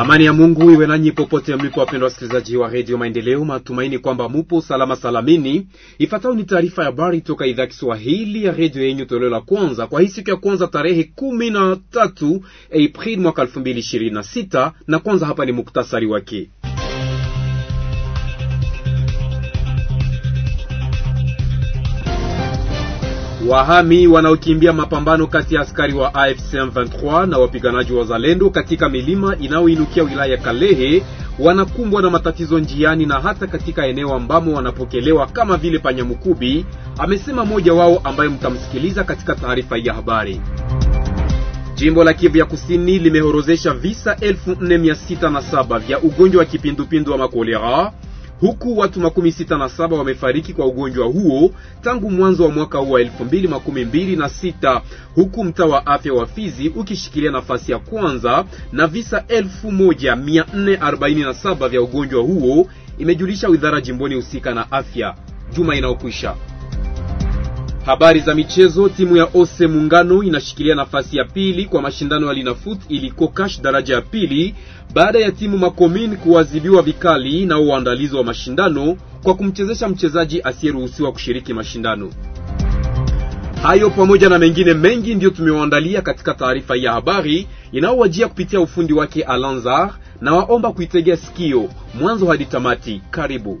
Amani ya Mungu iwe nanyi popote mlipo, wapendwa wasikilizaji wa redio Maendeleo. Matumaini kwamba mupo salama salamini. Ifuatayo ni taarifa ya habari toka idhaa ya Kiswahili ya redio yenyu, toleo la kwanza kwa hii siku ya kwanza tarehe kumi na tatu Aprili mwaka elfu mbili ishirini na sita na kwanza hapa ni muktasari wake. Wahami wanaokimbia mapambano kati ya askari wa AFC M23 na wapiganaji wa Zalendo katika milima inayoinukia wilaya Kalehe wanakumbwa na matatizo njiani na hata katika eneo ambamo wanapokelewa kama vile Panyamukubi, amesema mmoja wao ambaye mtamsikiliza katika taarifa ya habari. Jimbo la Kivu ya Kusini limehorozesha visa 4607 vya ugonjwa wa kipindupindu wa makolera huku watu makumi sita na saba wamefariki kwa ugonjwa huo tangu mwanzo wa mwaka huu wa elfu mbili makumi mbili na sita huku mtaa wa afya wa Fizi ukishikilia nafasi ya kwanza na visa elfu moja mia nne arobaini na saba vya ugonjwa huo, imejulisha widhara jimboni husika na afya juma inayokwisha. Habari za michezo. Timu ya Ose Muungano inashikilia nafasi ya pili kwa mashindano ya Linafoot iliko kash daraja ya pili baada ya timu Makomin kuadhibiwa vikali na uandalizi wa mashindano kwa kumchezesha mchezaji asiyeruhusiwa kushiriki mashindano hayo. Pamoja na mengine mengi ndiyo tumewaandalia katika taarifa ya habari inayowajia kupitia ufundi wake Alanzar, na waomba kuitegea sikio mwanzo hadi tamati. Karibu.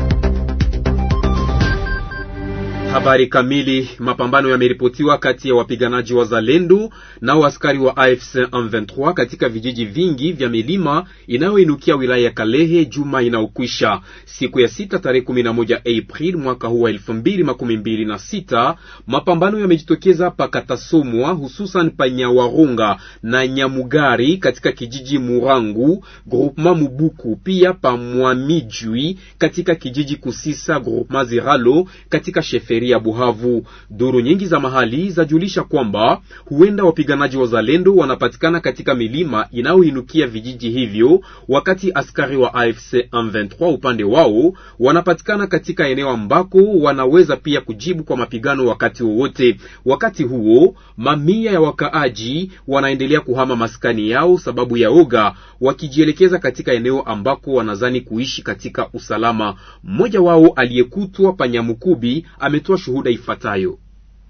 Habari kamili. Mapambano yameripotiwa kati ya wapiganaji wa zalendo na askari wa AFC M23 katika vijiji vingi vya milima inayoinukia wilaya ya Kalehe juma inaokwisha. Siku ya sita tarehe 11 April mwaka huu wa 2026, mapambano yamejitokeza pa Katasomwa, hususan pa Nyawarunga na Nyamugari katika kijiji Murangu groupement Mubuku, pia pa Mwamijwi katika kijiji Kusisa groupement Ziralo katika sheferi sheria Buhavu. Duru nyingi za mahali zajulisha kwamba huenda wapiganaji wazalendo wanapatikana katika milima inayoinukia vijiji hivyo, wakati askari wa AFC M23 upande wao wanapatikana katika eneo ambako wanaweza pia kujibu kwa mapigano wakati wowote. Wakati huo, mamia ya wakaaji wanaendelea kuhama maskani yao sababu ya oga, wakijielekeza katika eneo ambako wanazani kuishi katika usalama. Mmoja wao aliyekutwa Panyamukubi ametoa anatoa shuhuda ifuatayo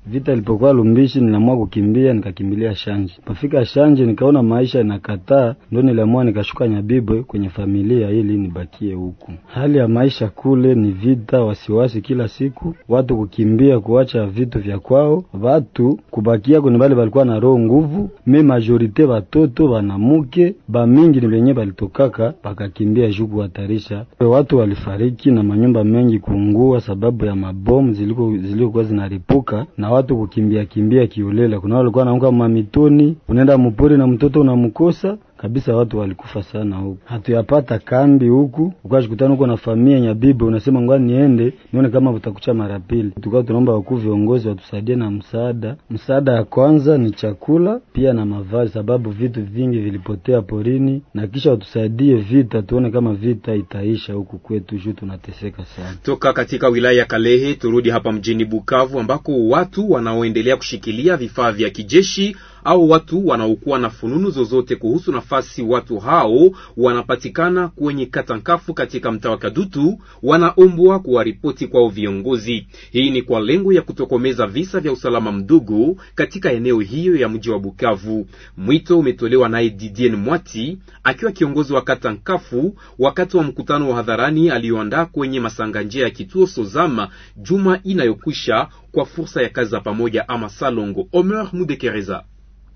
Vita ilipokuwa Lumbishi, niliamua kukimbia, nikakimbilia Shanje. Pafika Shanje nikaona maisha inakataa, ndio niliamua nikashuka Nyabibwe kwenye familia ili nibakie huku. Hali ya maisha kule ni vita, wasiwasi kila siku, watu kukimbia, kuacha vitu vya kwao, watu kubakia kwenye bale balikuwa na roho nguvu. Me majorite wanamuke ba bamingi ni benye balitokaka bakakimbia juu kuhatarisha watu, walifariki na manyumba mengi kuungua sababu ya mabomu zilikuwa zinaripuka na hawatu kukimbia kimbia kiolela. Kuna walikuwa naunga mamitoni, unaenda mupori na mtoto unamkosa kabisa, watu walikufa sana huku, hatuyapata kambi huku. Ukashikutana huko na familia ya bibi, unasema ngoja niende nione kama utakucha mara pili. tukao tunaomba wakuu viongozi watusaidie na msaada. Msaada ya kwanza ni chakula, pia na mavazi, sababu vitu vingi vilipotea porini, na kisha watusaidie vita, tuone kama vita itaisha huku kwetu, juu tunateseka sana. Toka katika wilaya ya Kalehe turudi hapa mjini Bukavu, ambako watu wanaoendelea kushikilia vifaa vya kijeshi au watu wanaokuwa na fununu zozote kuhusu nafasi watu hao wanapatikana kwenye katankafu katika mtaa wa Kadutu wanaombwa kuwaripoti kwao viongozi. Hii ni kwa lengo ya kutokomeza visa vya usalama mdogo katika eneo hiyo ya mji wa Bukavu. Mwito umetolewa naye Didien Mwati akiwa kiongozi wa katankafu wakati wa mkutano wa hadharani aliyoandaa kwenye masanganjia ya kituo Sozama juma inayokwisha kwa fursa ya kazi za pamoja ama salongo Omer Mudekereza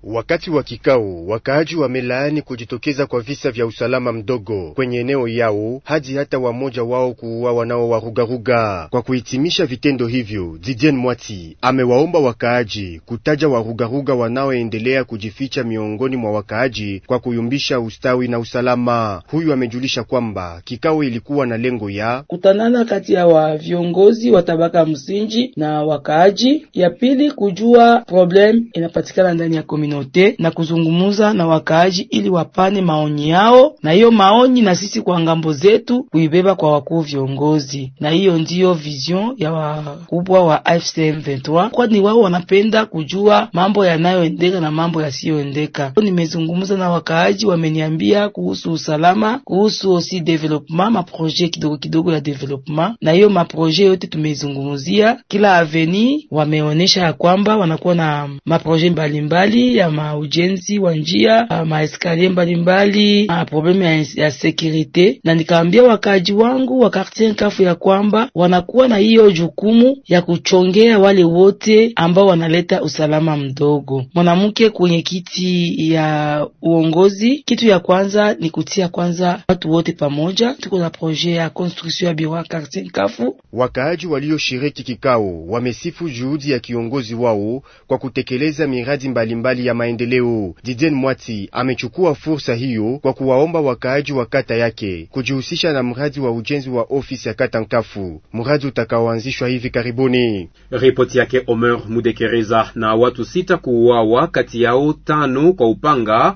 Wakati wa kikao wakaaji wamelaani kujitokeza kwa visa vya usalama mdogo kwenye eneo yao hadi hata wamoja wao kuua wanao warugaruga. Kwa kuhitimisha vitendo hivyo, Didier Mwati amewaomba wakaaji kutaja warugaruga wanaoendelea kujificha miongoni mwa wakaaji kwa kuyumbisha ustawi na usalama. Huyu amejulisha kwamba kikao ilikuwa na lengo ya kutanana kati ya wa viongozi wa tabaka msingi na wakaaji, ya pili kujua problem inapatikana ndani ya komino komunote na kuzungumuza na wakaaji ili wapane maoni yao, na hiyo maoni na sisi kwa ngambo zetu kuibeba kwa wakuu viongozi, na hiyo ndiyo vision ya wakubwa wa FCM 23 kwani wao wanapenda kujua mambo yanayoendeka na mambo yasiyoendeka. Nimezungumza na wakaaji, wameniambia kuhusu usalama, kuhusu osi development, maproje kidogo kidogo ya development, na hiyo maproje yote tumeizungumzia. Kila aveni wameonyesha ya kwamba wanakuwa na maproje mbalimbali kazi ya maujenzi wa njia ah, maeskalie mbalimbali, ah, probleme ya sekirite, na nikaambia wakaji wangu wa kartier Nkafu ya kwamba wanakuwa na hiyo jukumu ya kuchongea wale wote ambao wanaleta usalama mdogo. Mwanamke kwenye kiti ya uongozi, kitu ya kwanza ni kutia kwanza watu wote pamoja. Tuko na proje ya construction ya biro ya kartier Nkafu. Wakaaji walioshiriki kikao wamesifu juhudi ya kiongozi wao kwa kutekeleza miradi mbalimbali mbali ya maendeleo diden Mwati amechukua fursa hiyo kwa kuwaomba wakaaji wa kata yake kujihusisha na mradi wa ujenzi wa ofisi ya kata Nkafu, mradi utakaoanzishwa hivi karibuni. Ripoti yake Omer Mudekereza. Na watu sita kuuawa, kati yao tano kwa upanga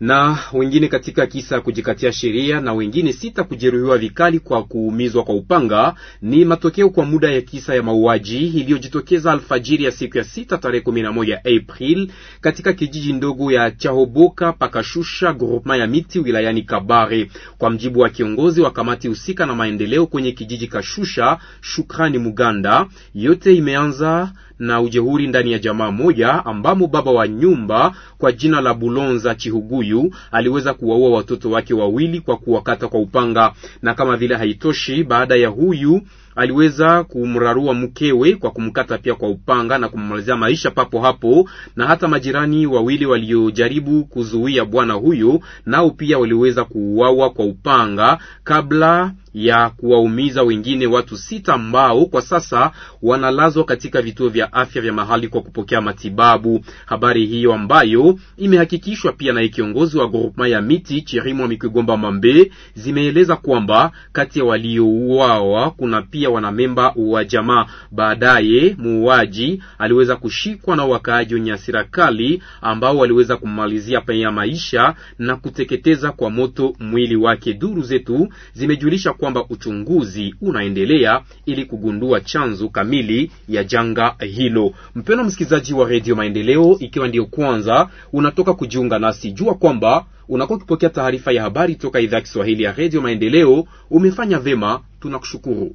na wengine katika kisa ya kujikatia sheria na wengine sita kujeruhiwa vikali kwa kuumizwa kwa upanga. Ni matokeo kwa muda ya kisa ya mauaji iliyojitokeza alfajiri ya siku ya sita tarehe moja April katika kijiji ndogo ya Chahoboka Pakashusha groupema ya miti wilayani Kabare. Kwa mjibu wa kiongozi wa kamati husika na maendeleo kwenye kijiji Kashusha, Shukrani Muganda, yote imeanza na ujehuri ndani ya jamaa moja ambamo baba wa nyumba kwa jina la Bulonza Chihuguyi huyu aliweza kuwaua watoto wake wawili kwa kuwakata kwa upanga, na kama vile haitoshi, baada ya huyu aliweza kumrarua mkewe kwa kumkata pia kwa upanga na kummalizia maisha papo hapo, na hata majirani wawili waliojaribu kuzuia bwana huyo nao pia waliweza kuuawa kwa upanga kabla ya kuwaumiza wengine watu sita ambao kwa sasa wanalazwa katika vituo vya afya vya mahali kwa kupokea matibabu. Habari hiyo ambayo imehakikishwa pia na kiongozi wa groupement ya miti Chirimwa Mikigomba Mambe zimeeleza kwamba kati ya waliouawa kuna pia pia wanamemba wa jamaa. Baadaye muuaji aliweza kushikwa na wakaaji wenye hasira kali ambao waliweza kumalizia pia maisha na kuteketeza kwa moto mwili wake. Duru zetu zimejulisha kwamba uchunguzi unaendelea ili kugundua chanzo kamili ya janga hilo. Mpendwa msikilizaji wa Redio Maendeleo, ikiwa ndio kwanza unatoka kujiunga nasi, jua kwamba unakuwa ukipokea taarifa ya habari toka idhaa ya Kiswahili ya Redio Maendeleo. Umefanya vema, tunakushukuru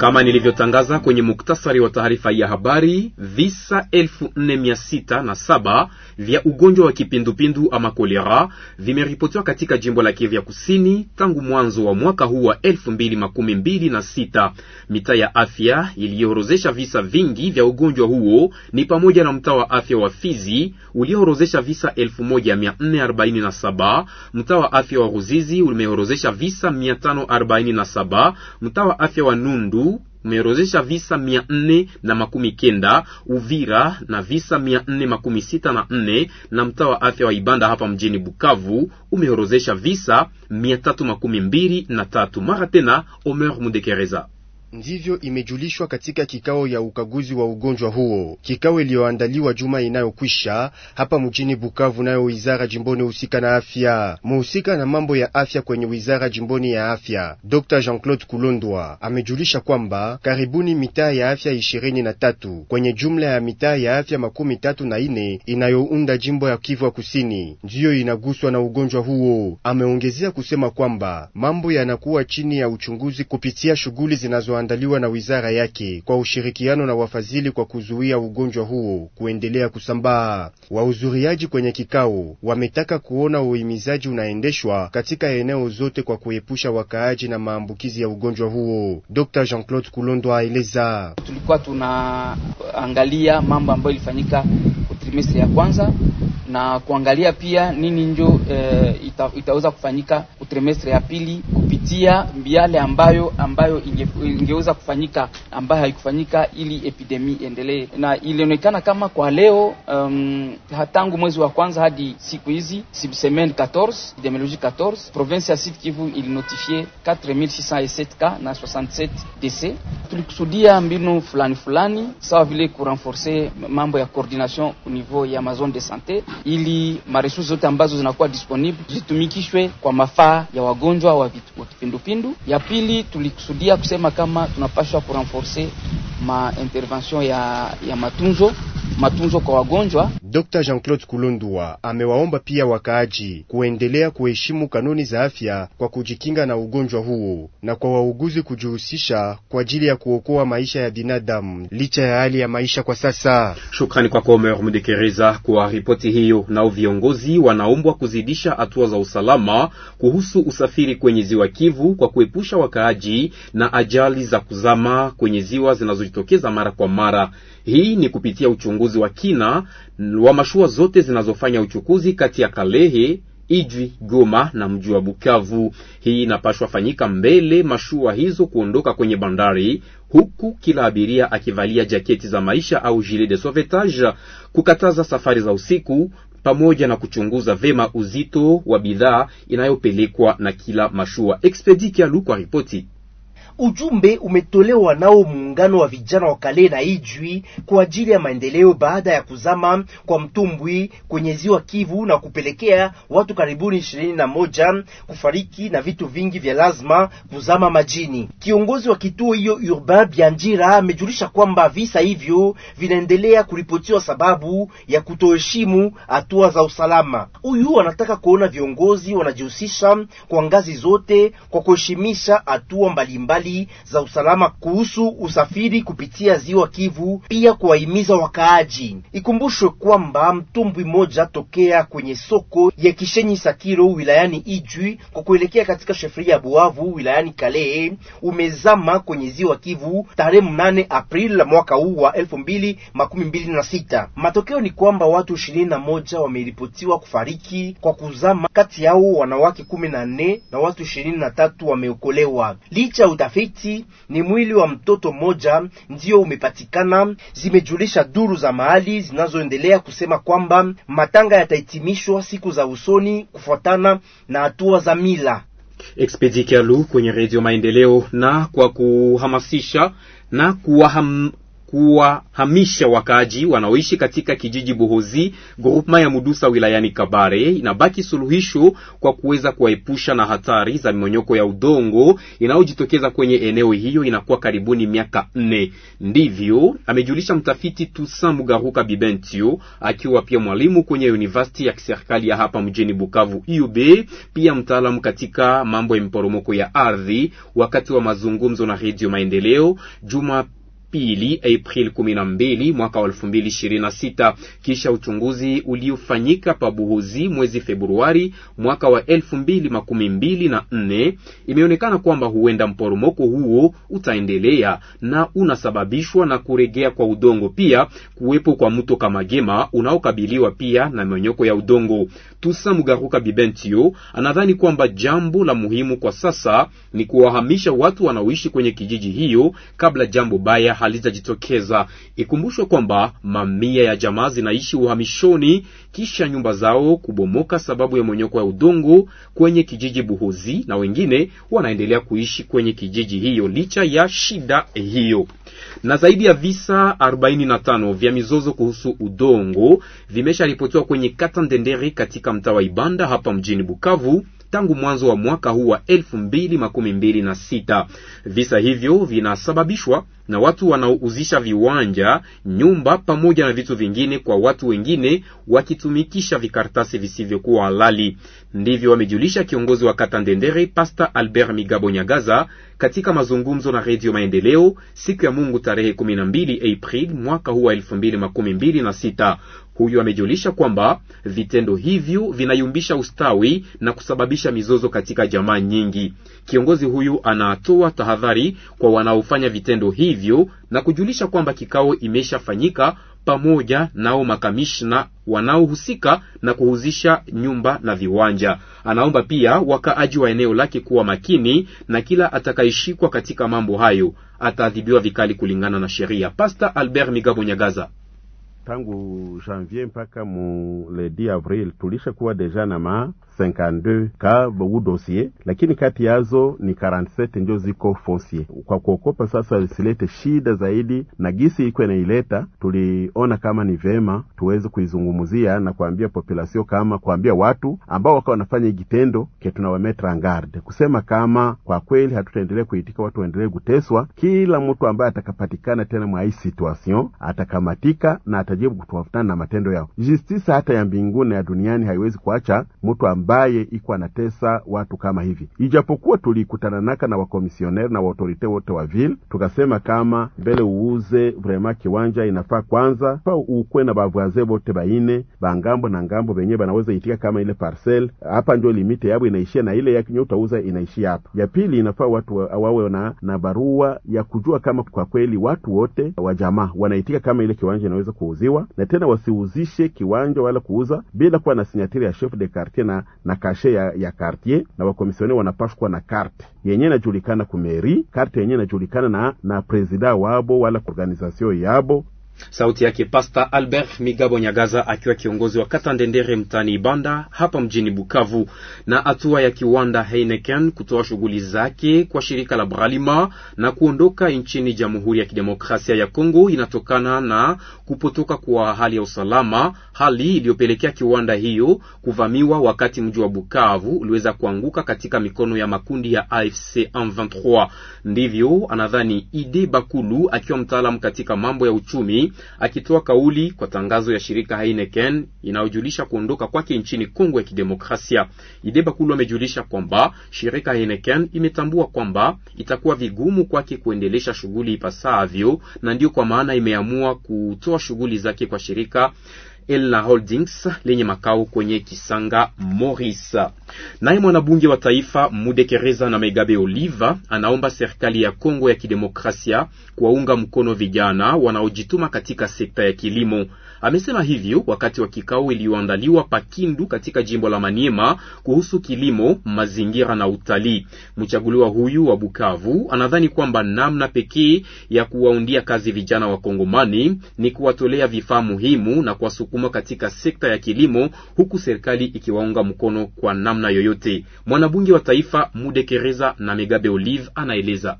Kama nilivyotangaza kwenye muktasari wa taarifa ya habari, visa 4607 vya ugonjwa wa kipindupindu ama kolera vimeripotiwa katika jimbo la Kivu Kusini tangu mwanzo wa mwaka huu wa elfu Mitaa ya afya iliyoorozesha visa vingi vya ugonjwa huo ni pamoja na mtaa wa afya wa Fizi ulioorozesha visa elfu mtaa wa afya wa Ruzizi umeorozesha visa 547 mtaa wa afya wa Nundu umeorozesha visa mia nne na makumi kenda Uvira na visa mia nne makumi sita na nne na mtaa wa afya wa Ibanda hapa mjini Bukavu umeorozesha visa mia tatu makumi mbili na tatu. Mara tena Omer Mudekereza. Ndivyo imejulishwa katika kikao ya ukaguzi wa ugonjwa huo, kikao iliyoandaliwa juma inayokwisha hapa mjini Bukavu, nayo wizara jimboni husika na afya. Muhusika na mambo ya afya kwenye wizara jimboni ya afya, Dr Jean-Claude Kulondwa amejulisha kwamba karibuni mitaa ya afya ishirini na tatu kwenye jumla ya mitaa ya afya makumi tatu na ine inayounda jimbo ya Kivu ya kusini ndiyo inaguswa na ugonjwa huo. Ameongezea kusema kwamba mambo yanakuwa chini ya uchunguzi kupitia shughuli zinazo yanayoandaliwa na wizara yake kwa ushirikiano na wafadhili kwa kuzuia ugonjwa huo kuendelea kusambaa. Wahudhuriaji kwenye kikao wametaka kuona uhimizaji unaendeshwa katika eneo zote kwa kuepusha wakaaji na maambukizi ya ugonjwa huo. Dr. Jean-Claude Kulondo aeleza. Tulikuwa tunaangalia mambo ambayo ilifanyika trimestri ya kwanza na kuangalia pia nini njo e, ita, itaweza kufanyika trimestri ya pili kupitia miale ambayo ambayo inge, inge ingeweza kufanyika ambayo haikufanyika ili epidemi iendelee, na ilionekana kama kwa leo um, hatangu mwezi wa kwanza hadi siku hizi semaine 14 epidemiologie 14 province ya Sud Kivu ilinotifie 4607 cas na 67 dese. Tulikusudia mbinu fulani fulani sawa vile kurenforce mambo ya coordination au niveau ya mazone de santé, ili maresurse zote ambazo zinakuwa disponible zitumikishwe kwa mafaa ya wagonjwa wa vitu vipindupindu. Ya pili tulikusudia kusema kama tu n'as pas pour renforcer ma intervention ya, ma Matunjo. matunzo kwa wagonjwa. Dr. Jean-Claude Kulundwa amewaomba pia wakaaji kuendelea kuheshimu kanuni za afya kwa kujikinga na ugonjwa huo na kwa wauguzi kujihusisha kwa ajili ya kuokoa maisha ya binadamu licha ya hali ya maisha kwa sasa. Shukrani kwako Omer Mdekereza kwa ripoti hiyo. Nao viongozi wanaombwa kuzidisha hatua za usalama kuhusu usafiri kwenye ziwa Kivu kwa kuepusha wakaaji na ajali za kuzama kwenye ziwa zinazojitokeza mara kwa mara. Hii ni kupitia uchunguzi wa kina wa mashua zote zinazofanya uchukuzi kati ya Kalehe Ijwi, Goma na mji wa Bukavu. Hii inapashwa fanyika mbele mashua hizo kuondoka kwenye bandari, huku kila abiria akivalia jaketi za maisha au gilet de sauvetage, kukataza safari za usiku pamoja na kuchunguza vema uzito wa bidhaa inayopelekwa na kila mashua. Expedit Kialu kwa ripoti Ujumbe umetolewa nao muungano wa vijana wa Kale na Ijwi kwa ajili ya maendeleo baada ya kuzama kwa mtumbwi kwenye ziwa Kivu na kupelekea watu karibuni ishirini na moja kufariki na vitu vingi vya lazima kuzama majini. Kiongozi wa kituo hiyo Urbain Bianjira amejulisha kwamba visa hivyo vinaendelea kuripotiwa sababu ya kutoheshimu hatua za usalama. Huyu anataka kuona viongozi wanajihusisha kwa ngazi zote kwa kuheshimisha hatua mbalimbali habari za usalama kuhusu usafiri kupitia ziwa Kivu, pia kuwahimiza wakaaji. Ikumbushwe kwamba mtumbwi moja tokea kwenye soko ya Kishenyi Sakiro wilayani Ijwi kwa kuelekea katika shefria ya Buavu wilayani Kale umezama kwenye ziwa Kivu tarehe mnane Aprili mwaka huu wa elfu mbili makumi mbili na sita. Matokeo ni kwamba watu ishirini na moja wameripotiwa kufariki kwa kuzama, kati yao wanawake kumi na nne na watu ishirini na tatu wameokolewa licha ya utafiti maiti ni mwili wa mtoto mmoja ndio umepatikana, zimejulisha duru za mahali zinazoendelea kusema kwamba matanga yatahitimishwa siku za usoni kufuatana na hatua za mila. Expedi Kialu kwenye Redio Maendeleo. Na kwa kuhamasisha na kuwaham, kuwahamisha wakaaji wanaoishi katika kijiji Buhozi grupma ya Mudusa wilayani Kabare inabaki suluhisho kwa kuweza kuwaepusha na hatari za mmonyoko ya udongo inayojitokeza kwenye eneo hiyo inakuwa karibuni miaka nne. Ndivyo amejulisha mtafiti Tusa Mugaruka Bibentio akiwa pia mwalimu kwenye university ya kiserikali ya hapa mjini Bukavu UB, pia mtaalamu katika mambo ya miporomoko ya ardhi, wakati wa mazungumzo na Redio Maendeleo Juma pili April 12 mwaka 2026 kisha uchunguzi uliofanyika pa Buhuzi mwezi Februari mwaka wa 2024 imeonekana kwamba huenda mporomoko huo utaendelea na unasababishwa na kuregea kwa udongo, pia kuwepo kwa mto Kamagema unaokabiliwa pia na monyoko ya udongo. Tusa Mugaruka Bibentio anadhani kwamba jambo la muhimu kwa sasa ni kuwahamisha watu wanaoishi kwenye kijiji hiyo kabla jambo baya halijajitokeza. Ikumbushwe kwamba mamia ya jamaa zinaishi uhamishoni kisha nyumba zao kubomoka sababu ya monyoko ya udongo kwenye kijiji Buhozi, na wengine wanaendelea kuishi kwenye kijiji hiyo licha ya shida hiyo. Na zaidi ya visa 45 vya mizozo kuhusu udongo vimesharipotiwa kwenye kata Ndendere katika mtaa wa Ibanda hapa mjini Bukavu tangu mwanzo wa mwaka huu wa elfu mbili makumi mbili na sita. Visa hivyo vinasababishwa na watu wanaouzisha viwanja, nyumba pamoja na vitu vingine kwa watu wengine wakitumikisha vikaratasi visivyokuwa halali. Ndivyo wamejulisha kiongozi wa kata Ndendere, Pasta Albert Migabo Nyagaza katika mazungumzo na Redio Maendeleo siku ya Mungu tarehe 12 Aprili mwaka huu wa 2026. Huyu amejulisha kwamba vitendo hivyo vinayumbisha ustawi na kusababisha mizozo katika jamaa nyingi. Kiongozi huyu anatoa tahadhari kwa wanaofanya vitendo hivyo na kujulisha kwamba kikao imeshafanyika pamoja nao makamishna wanaohusika na kuhuzisha nyumba na viwanja. Anaomba pia wakaaji wa eneo lake kuwa makini na kila atakayeshikwa katika mambo hayo ataadhibiwa vikali kulingana na sheria. Pasta Albert Migabo Nyagaza tangu janvier mpaka mu le 10 avril tulishakuwa deja na ma 52 ka bu dossier, lakini kati yazo ni 47 ndio ziko foncier. Kwa kuokopa sasa isilete shida zaidi na gisi iko inaileta, tuliona kama ni vema tuweze kuizungumzia na kuambia population, kama kuambia watu ambao wakawa wanafanya hii kitendo ke tunawametra garde kusema kama kwa kweli hatutaendelea kuitika, watu waendelee kuteswa. Kila mtu ambaye atakapatikana tena mwa hii situation atakamatika na atajibu kutofutana na matendo yao. Justice hata ya mbinguni na ya duniani haiwezi kuacha mtu ambaye ambaye iko anatesa watu kama hivi. Ijapokuwa tulikutananaka na wakomisioneri na waautorite wote wa ville, tukasema kama mbele uuze vrema kiwanja inafaa kwanza pa ukwe na bavwaze vote baine bangambo na ngambo venye banaweza itika kama ile parcel hapa ndio limite yabo inaishia na ile yakinyo utauza inaishia hapa. Ya pili inafaa watu wawe na, na barua ya kujua kama kwa kweli watu wote wa jamaa wanaitika kama ile kiwanja inaweza kuuziwa, na tena wasiuzishe kiwanja wala kuuza bila kuwa na sinyatiri ya chef de quartier na na kashe ya, ya kartie na wakomisione wanapashwa na karte yenye inajulikana kumeri, karte yenye inajulikana na, na prezida wabo wala organizasio yabo Sauti yake Pasta Albert Migabo Nyagaza akiwa kiongozi wa kata Ndendere mtaani Ibanda hapa mjini Bukavu. Na hatua ya kiwanda Heineken kutoa shughuli zake kwa shirika la Bralima na kuondoka nchini Jamhuri ya Kidemokrasia ya Kongo inatokana na kupotoka kwa hali ya usalama, hali iliyopelekea kiwanda hiyo kuvamiwa wakati mji wa Bukavu uliweza kuanguka katika mikono ya makundi ya AFC M23. Ndivyo anadhani Ide Bakulu akiwa mtaalamu katika mambo ya uchumi akitoa kauli kwa tangazo ya shirika Heineken inayojulisha kuondoka kwake nchini Kongo ya Kidemokrasia. Ideba Kulu amejulisha kwamba shirika Heineken imetambua kwamba itakuwa vigumu kwake kuendelesha shughuli ipasavyo, na ndiyo kwa maana imeamua kutoa shughuli zake kwa shirika Ella Holdings lenye makao kwenye Kisanga Morris. Naye mwanabunge wa taifa Mudekereza na Megabe Oliva anaomba serikali ya Kongo ya Kidemokrasia kuwaunga mkono vijana wanaojituma katika sekta ya kilimo. Amesema hivyo wakati wa kikao iliyoandaliwa Pakindu katika jimbo la Maniema kuhusu kilimo, mazingira na utalii. Mchaguliwa huyu wa Bukavu anadhani kwamba namna pekee ya kuwaundia kazi vijana wa Kongomani ni kuwatolea vifaa muhimu na kuwasukuma kusukuma katika sekta ya kilimo, huku serikali ikiwaunga mkono kwa namna yoyote. Mwanabunge wa taifa Mudekereza na Megabe Olive anaeleza.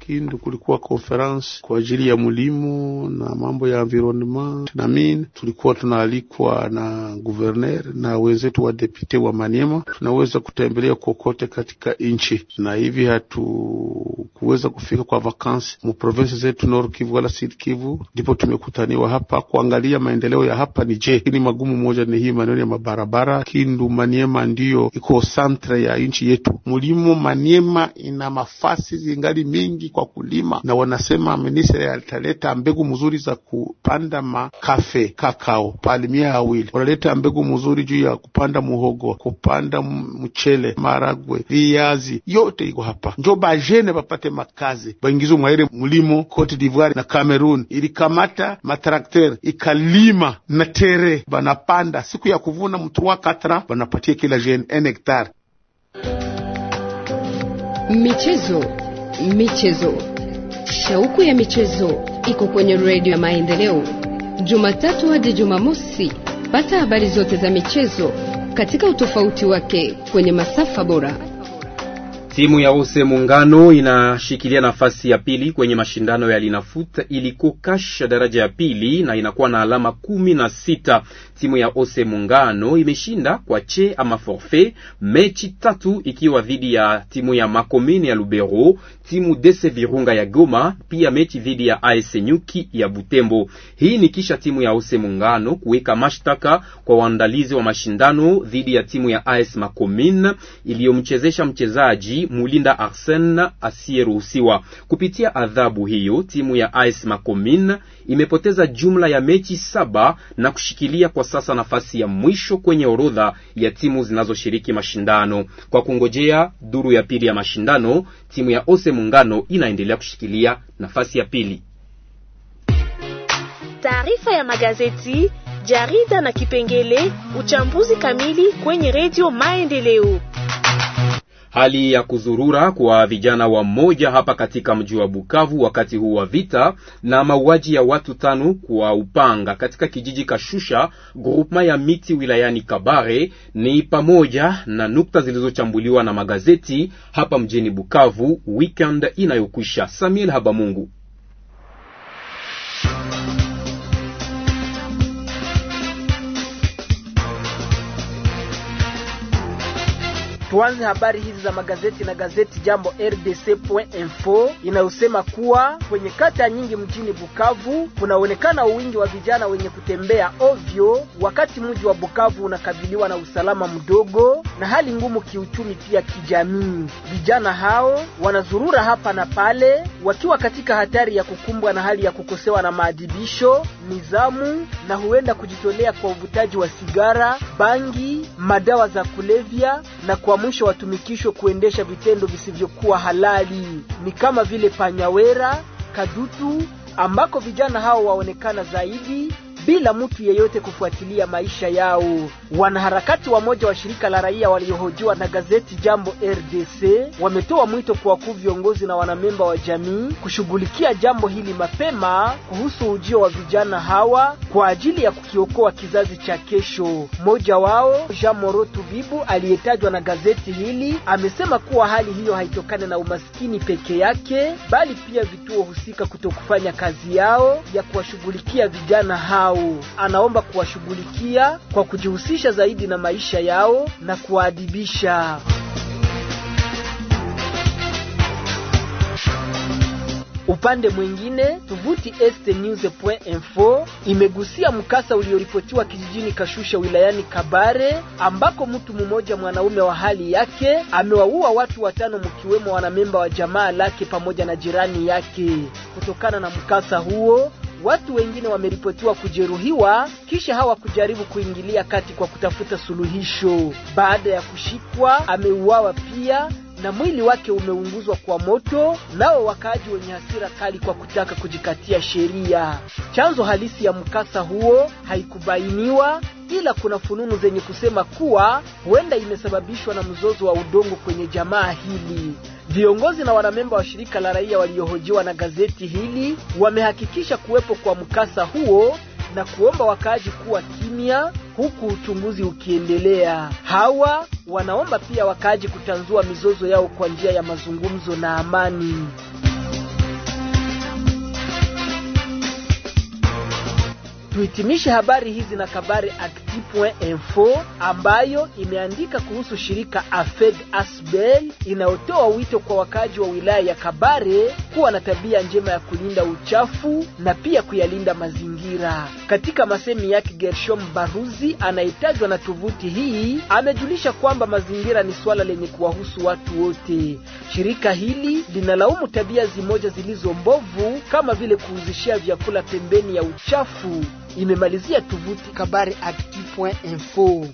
Kindu kulikuwa conference kwa ajili ya mulimu na mambo ya environnement na mine. Tulikuwa tunaalikwa na guverner na wenzetu wa depute wa Maniema. Tunaweza kutembelea kokote katika nchi, na hivi hatukuweza kufika kwa vakansi mu province zetu Nord Kivu wala Sud Kivu, ndipo tumekutaniwa hapa kuangalia maendeleo ya hapa ni je. ni magumu moja ni hii maneno ya mabarabara. Kindu Maniema ndiyo iko centre ya nchi yetu. Mulimo Maniema ina mafasi zingali mingi kwa kulima, na wanasema ministre ataleta mbegu mzuri za kupanda makafe kakao paalimia awili, wanaleta mbegu mzuri juu ya kupanda muhogo, kupanda mchele, maragwe, viazi, yote iko hapa. Njo bajene bapate makazi, baingizwe mwaire mlimo Cote d'Ivoire na Cameroon, ilikamata matrakter ikalima na tere, banapanda siku ya kuvuna wa katra, banapatia kila jene en hektare Michezo Michezo. Shauku ya michezo iko kwenye redio ya Maendeleo, Jumatatu hadi Jumamosi. Pata habari zote za michezo katika utofauti wake kwenye masafa bora. Timu ya Ose Muungano inashikilia nafasi ya pili kwenye mashindano ya Linafoot ilikokasha daraja ya pili na inakuwa na alama kumi na sita. Timu ya Ose Muungano imeshinda kwa che ama forfait mechi tatu ikiwa dhidi ya timu ya Makomine ya Lubero, timu Dese Virunga ya Goma, pia mechi dhidi ya AS Nyuki ya Butembo. Hii ni kisha timu ya Ose Muungano kuweka mashtaka kwa waandalizi wa mashindano dhidi ya timu ya AS Makomin iliyomchezesha mchezaji Mulinda Arsen asiyeruhusiwa. Kupitia adhabu hiyo, timu ya AS Makomin imepoteza jumla ya mechi saba na kushikilia kwa sasa nafasi ya mwisho kwenye orodha ya timu zinazoshiriki mashindano. Kwa kungojea duru ya pili ya mashindano, timu ya Ose muungano inaendelea kushikilia nafasi ya pili. Taarifa ya magazeti, jarida na kipengele uchambuzi kamili kwenye redio Maendeleo. Hali ya kuzurura kwa vijana wa moja hapa katika mji wa Bukavu wakati huu wa vita na mauaji ya watu tano kwa upanga katika kijiji Kashusha grupma ya miti wilayani Kabare ni pamoja na nukta zilizochambuliwa na magazeti hapa mjini Bukavu weekend inayokwisha. Samuel Habamungu Tuanze habari hizi za magazeti na gazeti Jambo RDC.info inayosema kuwa kwenye kata nyingi mjini Bukavu kunaonekana wingi wa vijana wenye kutembea ovyo, wakati mji wa Bukavu unakabiliwa na usalama mdogo na hali ngumu kiuchumi, pia kijamii. Vijana hao wanazurura hapa na pale, wakiwa katika hatari ya kukumbwa na hali ya kukosewa na maadibisho, nizamu na huenda kujitolea kwa uvutaji wa sigara, bangi, madawa za kulevya na kwa mwisho watumikishwe kuendesha vitendo visivyokuwa halali, ni kama vile Panyawera, Kadutu ambako vijana hao waonekana zaidi bila mtu yeyote kufuatilia maisha yao. Wanaharakati wamoja wa shirika la raia waliohojiwa na gazeti Jambo RDC wametoa mwito kwa wakuu viongozi na wanamemba wa jamii kushughulikia jambo hili mapema kuhusu ujio wa vijana hawa kwa ajili ya kukiokoa kizazi cha kesho. Mmoja wao Jean Moro Tubibu aliyetajwa na gazeti hili amesema kuwa hali hiyo haitokane na umaskini peke yake, bali pia vituo husika kutokufanya kazi yao ya kuwashughulikia vijana hawa au anaomba kuwashughulikia kwa kujihusisha zaidi na maisha yao na kuwaadibisha. Upande mwingine tovuti estnews.info imegusia mkasa ulioripotiwa kijijini Kashusha wilayani Kabare, ambako mtu mmoja mwanaume wa hali yake amewaua watu watano, mkiwemo wanamemba wa jamaa lake pamoja na jirani yake. Kutokana na mkasa huo, Watu wengine wameripotiwa kujeruhiwa kisha hawakujaribu kuingilia kati kwa kutafuta suluhisho. Baada ya kushikwa ameuawa pia na mwili wake umeunguzwa kwa moto, nao wakaaji wenye hasira kali kwa kutaka kujikatia sheria. Chanzo halisi ya mkasa huo haikubainiwa, ila kuna fununu zenye kusema kuwa huenda imesababishwa na mzozo wa udongo kwenye jamaa hili. Viongozi na wanamemba wa shirika la raia waliohojiwa na gazeti hili wamehakikisha kuwepo kwa mkasa huo na kuomba wakaaji kuwa kimya huku uchunguzi ukiendelea. Hawa wanaomba pia wakaaji kutanzua mizozo yao kwa njia ya mazungumzo na amani. Tuhitimishe habari hizi na kabari acti.info ambayo imeandika kuhusu shirika Afed Asbel inayotoa wito kwa wakaji wa wilaya ya Kabare kuwa na tabia njema ya kulinda uchafu na pia kuyalinda mazingira. Katika masemi yake, Gershom Baruzi anayetajwa na tovuti hii amejulisha kwamba mazingira ni swala lenye kuwahusu watu wote. Shirika hili linalaumu tabia zimoja zilizo mbovu kama vile kuhuzishia vyakula pembeni ya uchafu imemalizia tovuti kabari active.info.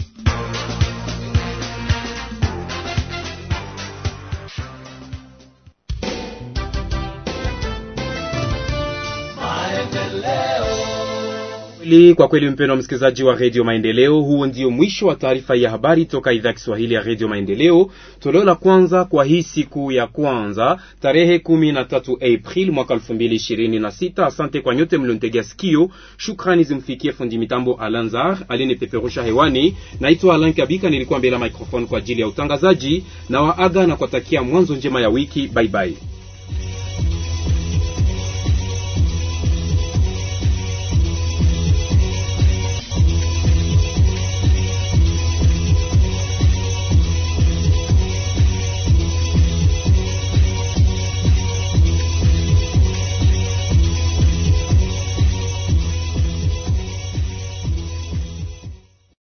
Li kwa kweli, wa msikilizaji wa redio Maendeleo, huo ndio mwisho wa taarifa ya habari toka idhaa ya Kiswahili ya redio Maendeleo, toleo la kwanza kwa hii siku ya kwanza tarehe 13 april mwaka 2026. Asante kwa nyote mliontegea sikio. Shukrani zimfikie fundi mitambo Alanzar alinipeperusha hewani. Naitwa Alan Kabika, nilikuwa mbele ya microphone kwa ajili ya utangazaji na waaga na kuwatakia mwanzo njema ya wiki. Bye bye.